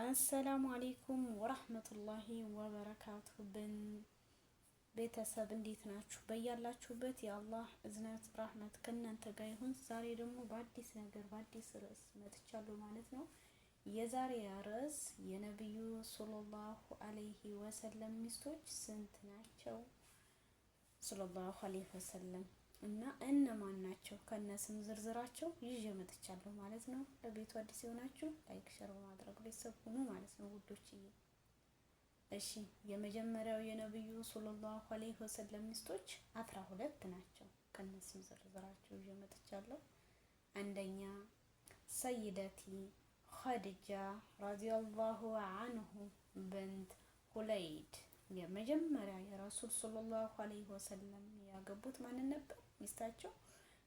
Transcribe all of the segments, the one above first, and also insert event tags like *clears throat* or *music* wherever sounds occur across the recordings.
አሰላሙ አሌይኩም ወረህመቱላሂ ወበረካቱ ብን ቤተሰብ እንዴት ናችሁ? በያላችሁበት የአላህ እዝነት ራህመት ከእናንተ ጋር ይሁን። ዛሬ ደግሞ በአዲስ ነገር በአዲስ ርዕስ መጥቻለሁ ማለት ነው። የዛሬ ርዕስ የነቢዩ ሰለላሁ አለይሂ ወሰለም ሚስቶች ስንት ናቸው? ሰለላሁ አለይሂ ወሰለም እና እነማን ናቸው ከነስም ዝርዝራቸው ይዤ መጥቻለሁ ማለት ነው። ለቤቱ አዲስ የሆናችሁ ላይክ ሸር በማድረግ ቤተሰብ ሁኑ ማለት ነው ውዶችዬ። እሺ የመጀመሪያው የነብዩ ሰለላሁ ዐለይሂ ወሰለም ሚስቶች አስራ ሁለት ናቸው። ከነስም ዝርዝራቸው ይዤ መጥቻለሁ። አንደኛ ሰይደቲ ኸዲጃ ረዲየላሁ አንሁ ብንት ሁለይድ የመጀመሪያ የረሱል ሰለላሁ ዐለይሂ ወሰለም ያገቡት ማንን ነበር? ሚስታቸው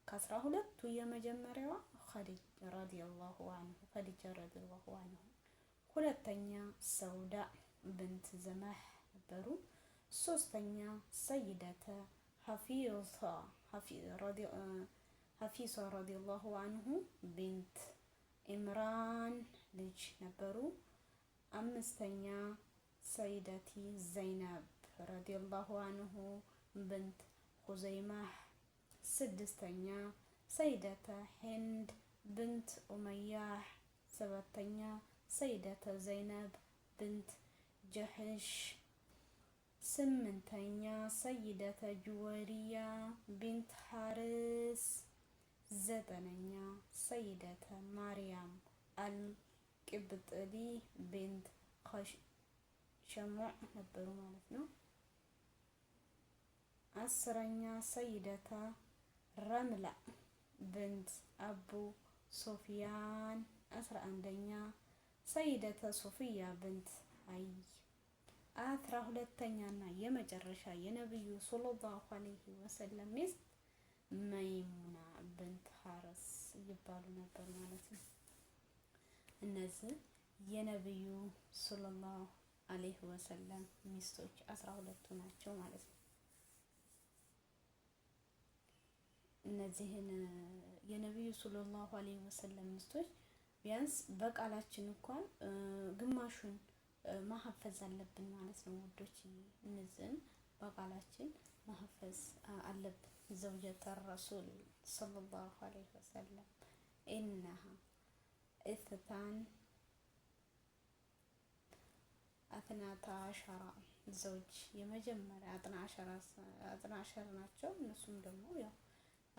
ከአስራ ሁለቱ የመጀመሪያዋ ኸዲጃ ረዲየላሁ አንሁ ኸዲጃ ረዲየላሁ አንሁ፣ ሁለተኛ ሰውዳ ብንት ዘማህ ነበሩ። ሶስተኛ ሰይደተ ሐፊሳ ሐፊሳ ረዲየላሁ አንሁ ቢንት ኢምራን ልጅ ነበሩ። አምስተኛ ሰይደቲ ዘይነብ ረዲየላሁ አንሁ ብንት ሁዘይማህ ስድስተኛ ሰይደተ ሂንድ ብንት ኡመያህ፣ ሰባተኛ ሰይደተ ዘይነብ ብንት ጀህሽ፣ ስምንተኛ ሰይደተ ጅወሪያ ቢንት ሐርስ፣ ዘጠነኛ ሰይደተ ማርያም አልቅብጥሊ ቢንት ሸሙዕ ነበሩ ማለት ነው። አስረኛ ሰይደተ ረምላ ብንት አቡ ሶፊያን አስራ አንደኛ ሰይደተ ሶፊያ ብንት አይ አስራ ሁለተኛና የመጨረሻ የነብዩ ሰለላሁ ዐለይሂ ወሰለም ሚስት መይሙና ብንት ሐረስ ይባሉ ነበር ማለት ነው። እነዚህ የነብዩ ሰለላሁ ዐለይሂ ወሰለም ሚስቶች አስራ ሁለቱ ናቸው ማለት ነው። እነዚህን የነቢዩ ሰለላሁ ዐለይሂ ወሰለም ሚስቶች ቢያንስ በቃላችን እንኳን ግማሹን ማሀፈዝ አለብን ማለት ነው ውዶች። እነዚህን በቃላችን ማሀፈዝ አለብን። ዘውጀተ ረሱል ሰለላሁ ዐለይሂ ወሰለም ኢነሃ ኢስታን አትናታ አሸራ ዘውጅ የመጀመሪያ አጥና አሸራ ናቸው። እነሱም ደግሞ ያው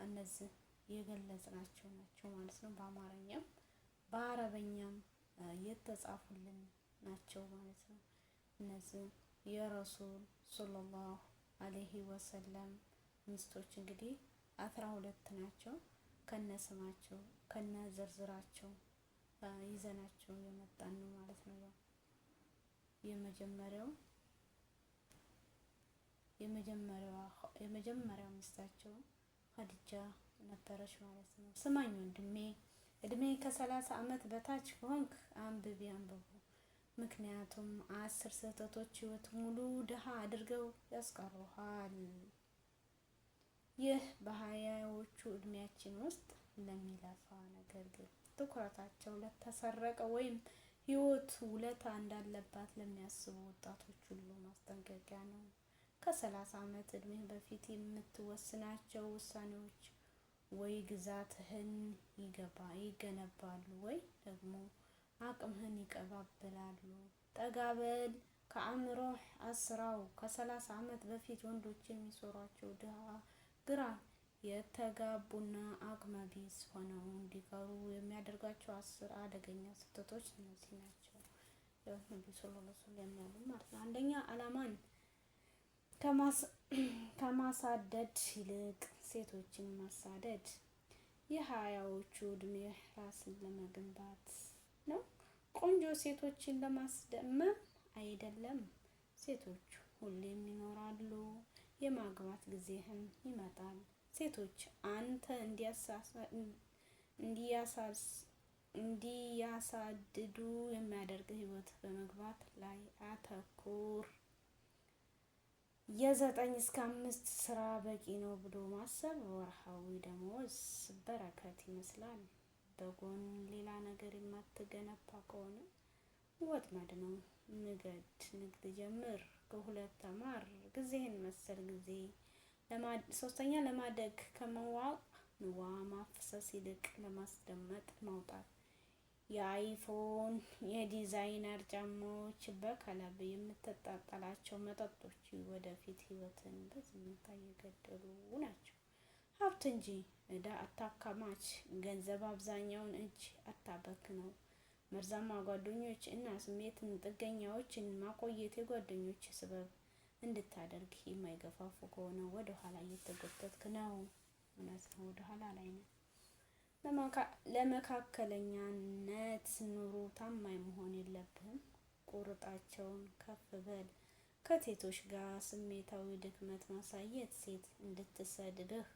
እነዚህ የገለጽናቸው ናቸው ማለት ነው። በአማርኛም በአረበኛም የተጻፉልን ናቸው ማለት ነው። እነዚህ የረሱል ሰለላሁ አለይሂ ወሰለም ሚስቶች እንግዲህ አስራ ሁለት ናቸው። ከነስማቸው ዝርዝራቸው ይዘናቸው የመጣን ነው ማለት ነው። የመጀመሪያው የመጀመሪያው የመጀመሪያው ሚስታቸው ሀዲጃ ነበረች ማለት ነው። ስማኝ ወንድሜ እድሜ ከሰላሳ አመት በታች ከሆንክ አንብቢ አንብቡ። ምክንያቱም አስር ስህተቶች ህይወት ሙሉ ድሃ አድርገው ያስቀሩሃል። ይህ በሀያዎቹ እድሜያችን ውስጥ ለሚለፋ ነገር ግን ትኩረታቸው ለተሰረቀ ወይም ህይወት ውለታ እንዳለባት ለሚያስቡ ወጣቶች ሁሉ ማስጠንቀቂያ ነው። ከሰላሳ ዓመት እድሜ በፊት የምትወስናቸው ውሳኔዎች ወይ ግዛትህን ይገነባሉ ወይ ደግሞ አቅምህን ይቀባብላሉ። ጠጋበል ከአእምሮህ አስራው ከሰላሳ ዓመት በፊት ወንዶች የሚሰሯቸው ድሃ ግራ የተጋቡና አቅመ ሆነው እንዲቀሩ የሚያደርጋቸው አስር አደገኛ ስህተቶች እነዚህ ናቸው። ነቢ ስለ ላ ያሉ ማለት ነው። አንደኛ አላማን *clears throat* ከማሳደድ ይልቅ ሴቶችን ማሳደድ የሀያዎቹ እድሜ ራስን ለመገንባት ነው። ቆንጆ ሴቶችን ለማስደመም አይደለም። ሴቶች ሁሌም ይኖራሉ። የማግባት ጊዜህም ይመጣል። ሴቶች አንተ እንዲያሳድዱ የሚያደርግ ህይወት በመግባት ላይ አተኩር። የዘጠኝ እስከ አምስት ስራ በቂ ነው ብሎ ማሰብ ወርሃዊ ደሞዝ በረከት ይመስላል። በጎን ሌላ ነገር የማትገነባ ከሆነ ወጥመድ ነው። ንገድ፣ ንግድ ጀምር፣ ከሁለት ተማር፣ ጊዜህን መሰል ጊዜ ሶስተኛ ለማደግ ከመዋቅ ንዋ ማፍሰስ ይልቅ ለማስደመጥ ማውጣት የአይፎን የዲዛይነር ጫማዎች በከለብ የምትጣጣላቸው መጠጦች ወደፊት ህይወትን በዝምታ እየገደሉ ናቸው። ሀብት እንጂ እዳ አታከማች። ገንዘብ አብዛኛውን እጅ አታበክ ነው። መርዛማ ጓደኞች እና ስሜትን ጥገኛዎችን ማቆየት የጓደኞች ስበብ እንድታደርግ የማይገፋፉ ከሆነ ወደኋላ እየተጎተትክ ነው። እውነት ነው፣ ወደኋላ ላይ ነው። ለመካከለኛነት ኑሮ ታማኝ መሆን የለብህም። ቁርጣቸውን ከፍ በል። ከሴቶች ጋር ስሜታዊ ድክመት ማሳየት ሴት እንድትሰድብህ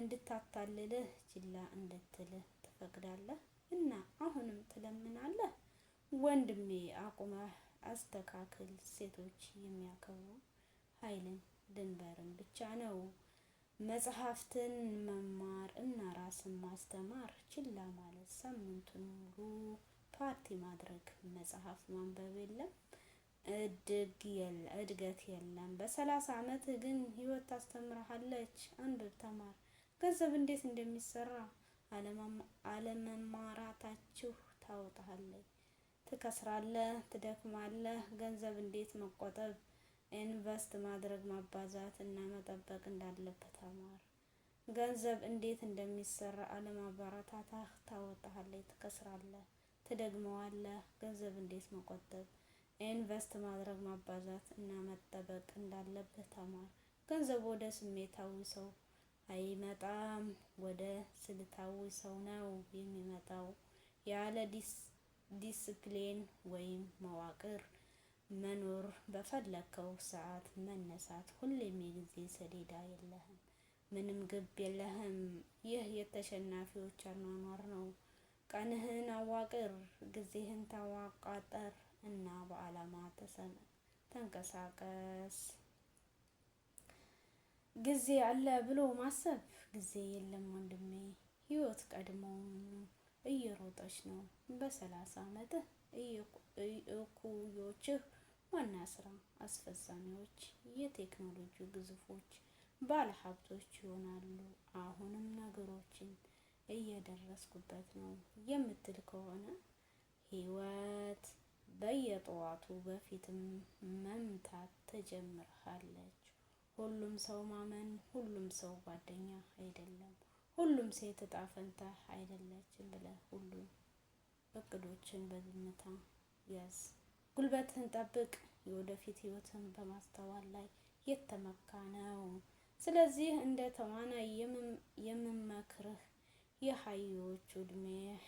እንድታታልልህ ችላ እንድትልህ ትፈቅዳለህ እና አሁንም ትለምናለህ። ወንድሜ አቁመህ አስተካክል። ሴቶች የሚያከብሩ ኃይልን ድንበርን ብቻ ነው። መጽሐፍትን መማር እና ራስን ማስተማር ችላ ማለት ሳምንቱን ሙሉ ፓርቲ ማድረግ መጽሐፍ ማንበብ የለም እድገት የለም። በሰላሳ ዓመት ግን ህይወት ታስተምርሃለች። አንብብ፣ ተማር። ገንዘብ እንዴት እንደሚሰራ አለመማራታችሁ ታወጣለች። ትከስራለህ፣ ትደክማለህ። ገንዘብ እንዴት መቆጠብ ኢንቨስት ማድረግ ማባዛት እና መጠበቅ እንዳለበት ተማር። ገንዘብ እንዴት እንደሚሰራ አለማበረታታህ ታወጣለህ፣ ትከስራለህ፣ ትደግመዋለህ። ገንዘብ እንዴት መቆጠብ፣ ኢንቨስት ማድረግ ማባዛት እና መጠበቅ እንዳለበት ተማር። ገንዘብ ወደ ስሜታዊ ሰው አይመጣም፣ ወደ ስልታዊ ሰው ነው የሚመጣው። ያለ ዲስፕሊን ወይም መዋቅር መኖር በፈለከው ሰዓት መነሳት። ሁሌም የጊዜ ሰሌዳ የለህም፣ ምንም ግብ የለህም። ይህ የተሸናፊዎች አኗኗር ነው። ቀንህን አዋቅር፣ ጊዜህን ታዋቃጠር እና በዓላማ ተንቀሳቀስ። ጊዜ አለ ብሎ ማሰብ ጊዜ የለም ወንድሜ። ህይወት ቀድሞ እየሮጠች ነው። በሰላሳ ዓመትህ እኩዮችህ ዋና ስራ አስፈጻሚዎች የቴክኖሎጂ ግዙፎች ባለሀብቶች ይሆናሉ። አሁንም ነገሮችን እየደረስኩበት ነው የምትል ከሆነ ህይወት በየጠዋቱ በፊትም መምታት ትጀምርሃለች። ሁሉም ሰው ማመን፣ ሁሉም ሰው ጓደኛ አይደለም፣ ሁሉም ሴት እጣ ፈንታ አይደለችም ብለህ ሁሉ እቅዶችን በዝምታ ያዝ። ጉልበትን ጠብቅ፣ የወደፊት ህይወትን በማስተዋል ላይ የተመካ ነው። ስለዚህ እንደ ተዋናይ የምመክርህ የሀያዎቹ እድሜህ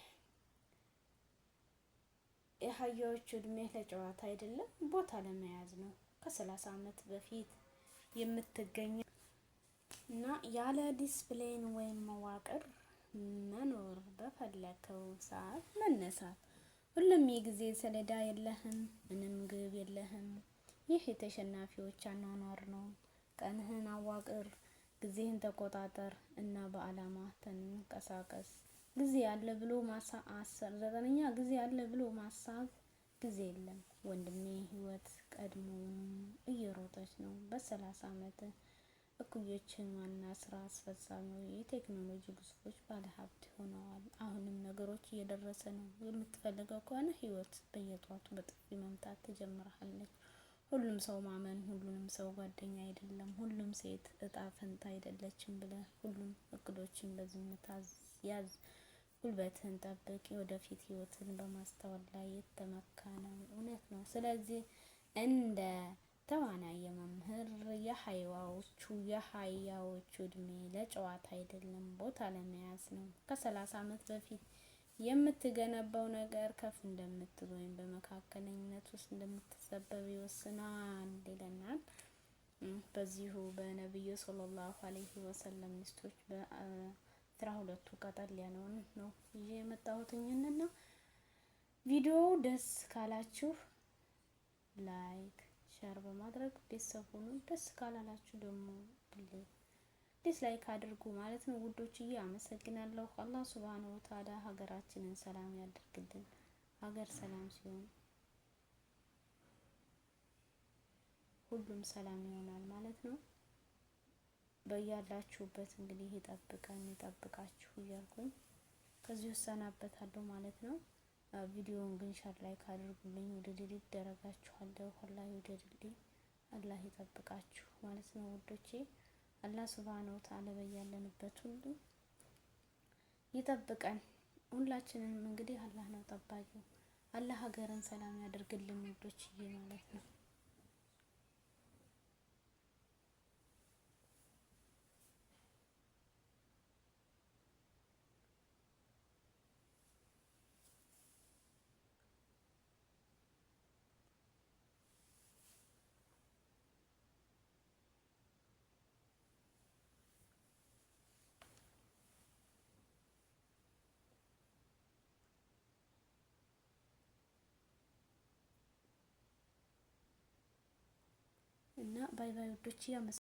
የሀያዎቹ እድሜህ ለጨዋታ አይደለም ቦታ ለመያዝ ነው። ከሰላሳ አመት በፊት የምትገኝ እና ያለ ዲስፕሌን ወይም መዋቅር መኖር በፈለከው ሰዓት መነሳት ሁሉም የጊዜ ሰሌዳ የለህም፣ ምንም ግብ የለህም። ይህ የተሸናፊዎች አኗኗር ነው። ቀንህን አዋቅር፣ ጊዜህን ተቆጣጠር እና በዓላማ ተንቀሳቀስ። ጊዜ አለ ብሎ ማሳ አስር ዘጠነኛ ጊዜ አለ ብሎ ማሳብ ጊዜ የለም ወንድሜ። ህይወት ቀድሞ እየሮጠች ነው። በሰላሳ አመት እኩዮችን ዋና ስራ አስፈጻሚው የቴክኖሎጂ ግዙፎች ባለሀብት ሆነዋል። አሁንም ነገሮች እየደረሰ ነው። የምትፈልገው ከሆነ ህይወት በየጧቱ በጥፊ መምታት ትጀምራለች። ሁሉም ሰው ማመን፣ ሁሉም ሰው ጓደኛ አይደለም፣ ሁሉም ሴት እጣ ፈንታ አይደለችም ብለ ሁሉም እቅዶችን በዝምታ ያዝ። ጉልበትህን ጠብቅ። የወደፊት ህይወትን በማስተዋል ላይ የተመካ ነው። እውነት ነው። ስለዚህ እንደ ተዋናይ የመምህር የሀይዋዎቹ የሀያዎቹ እድሜ ለጨዋታ አይደለም፣ ቦታ ለመያዝ ነው። ከሰላሳ ዓመት በፊት የምትገነባው ነገር ከፍ እንደምትል ወይም በመካከለኝነት ውስጥ እንደምትሰበብ ይወስናል ይለናል። በዚሁ በነቢዩ ሰለላሁ አለይሂ ወሰለም ሚስቶች በአስራ ሁለቱ ቀጠል ያለውን ነው ይዤ የመጣሁትኝንና ቪዲዮው ደስ ካላችሁ ላይክ ሸር በማድረግ ቤተሰብ ሁኑ። ደስ ካላላችሁ ደግሞ ዲስላይክ አድርጉ ማለት ነው ውዶችዬ። አመሰግናለሁ። አላህ ሱብሃነ ወተዓላ ሀገራችንን ሰላም ያደርግልን። ሀገር ሰላም ሲሆን ሁሉም ሰላም ይሆናል ማለት ነው። በያላችሁበት እንግዲህ ይጠብቀን ይጠብቃችሁ እያልኩኝ ከዚህ እሰናበታለሁ ማለት ነው። ቪዲዮውን ግን ሸር ላይክ አድርጉልኝ። ወደ ድል ደረጋችኋለሁ። ወደ ይውደድልኝ፣ አላህ ይጠብቃችሁ ማለት ነው ውዶቼ። አላህ ሱብሃነሁ ወተዓላ በያለንበት ሁሉ ይጠብቀን። ሁላችንንም እንግዲህ አላህ ነው ጠባቂው። አላህ ሀገርን ሰላም ያደርግልን ውዶችዬ ማለት ነው። እና ባይ ባይ ወዶች